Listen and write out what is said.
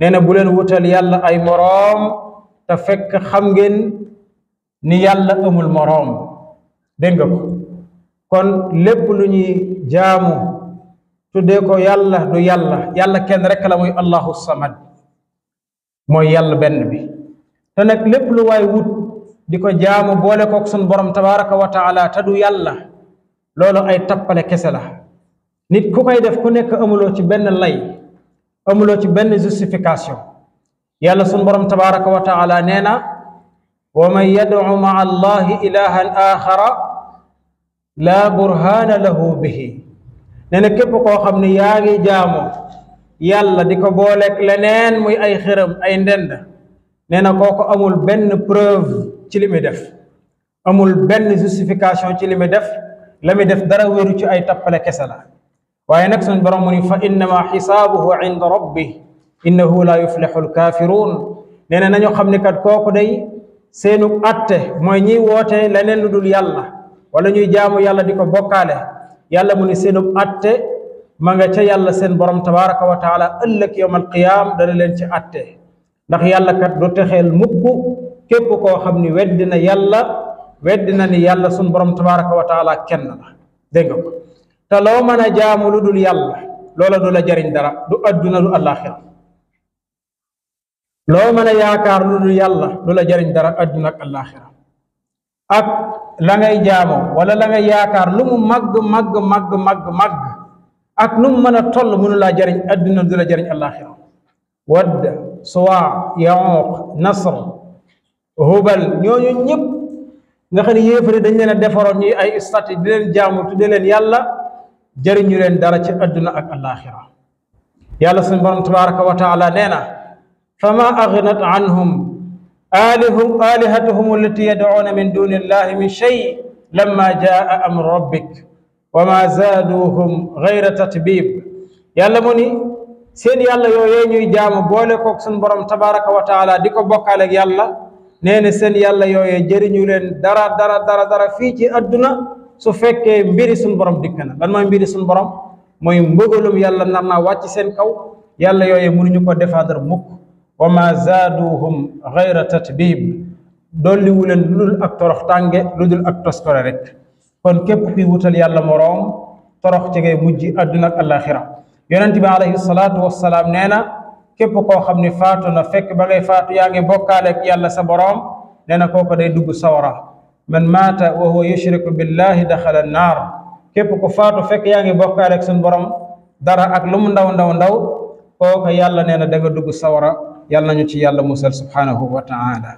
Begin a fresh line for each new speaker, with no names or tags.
nee na bu leen wutal yàlla ay moroom te fekk xam ngeen ni yàlla amul moroom dégg nga kon lépp lu ñuy jaamu tuddee ko yàlla du yàlla yàlla kenn rek la muy allahu samad mooy yàlla benn bi te nag lépp lu waay wut di ko jaamu boole kook sun borom tabaraka wa taala te du yàlla loolu ay tappale kese la nit ku koy def ku nekk amuloo ci benn lay amuloo ci benn justification yàlla sun borom tabaraka wa taala nee na wa man ma maa allahi ilahan axara laa burhaana lahu bihi nee képp koo xam ne yaa ngi jaamoo yàlla di ko booleeg leneen muy ay xërëm ay ndend nee na kooku amul benn preuve ci li muy def amul benn justification ci li muy def la muy def dara wéru ci ay tappale kese la waaye nag suñ borom mu ni fa innama xisaabuhu inda rabbih innahu la yuflixu alkaafiruun nee na nañu xam ne kat kooku day seenu atte mooy ñiy woote leneen lu dul yàlla wala ñuy jaamu yàlla di ko bokkaale yàlla mu ni seenu atte ma nga ca yàlla seen borom tabaraka wa taala ëllëg yowm alqiyaam dana leen ci atte ndax yàlla kat du texeel mukk xam ni weddi na yàlla weddi na ni yàlla sun borom tabaraka wa taala kenn la dégg te loo mën a jaamu lu dul yàlla loola du la jariñ dara du adduna du àllaaxira loo mën a yaakaar lu dul yàlla du la jariñ dara adduna ak àllaaxira ak la ngay jaamoo wala la yaakaar lu mu màgg mag màgg mag màgg ak nu mu mën a toll mënu laa jariñ adduna du la jariñ àllaaxira wadd suwaa yaoq nasr hubal ñooñu ñëpp nga xam ne yéefari dañ leen defaroon ñuy ay stati di leen jaamu tudde leen yàlla jëriñu leen dara ci adduna ak alaaxira yàlla suñu borom tabaraka wa taala nee na fama agnat anhum alihum alihatuhum allati yadcuuna min duni illahi min shay lamma jaa amru rabbik wa ma zaaduhum gayra tatbib yàlla mu ni seen yàlla yooyee ñuy jaamu boole koog suñu borom tabaraka wa taala di ko bokkaale ak yàlla nee na seen yàlla yooyee jëriñu leen dara dara dara dara fii ci adduna su fekkee mbiri suñu borom dikk na lan mooy mbiri suñu borom mooy mbëgalum yàlla nar na wàcc seen kaw yàlla yooyu mënuñu ko défendre mukk wa ma zaaduhum gayra tatbib dolliwu leen lu dul ak torox tànge lu dul ak toskore rek kon képp kuy wutal yàlla moroom torox ci ngay mujj àdduna ak àllaaxira yonent bi alayhi salaatu wassalaam nee na képp koo xam ne faatu na fekk ba ngay faatu yaa ngi bokkaale ak yàlla sa boroom nee na kooko day dugg sawara man maata wa huwa yushriku billahi daxala naar képp ku faatu fekk yaa ngi bokkaale rek suñu borom dara ak lu mu ndaw ndaw ndaw kooka yàlla nee na da dugg sawara yàlla nañu ci yàlla musal subhanahu wa taala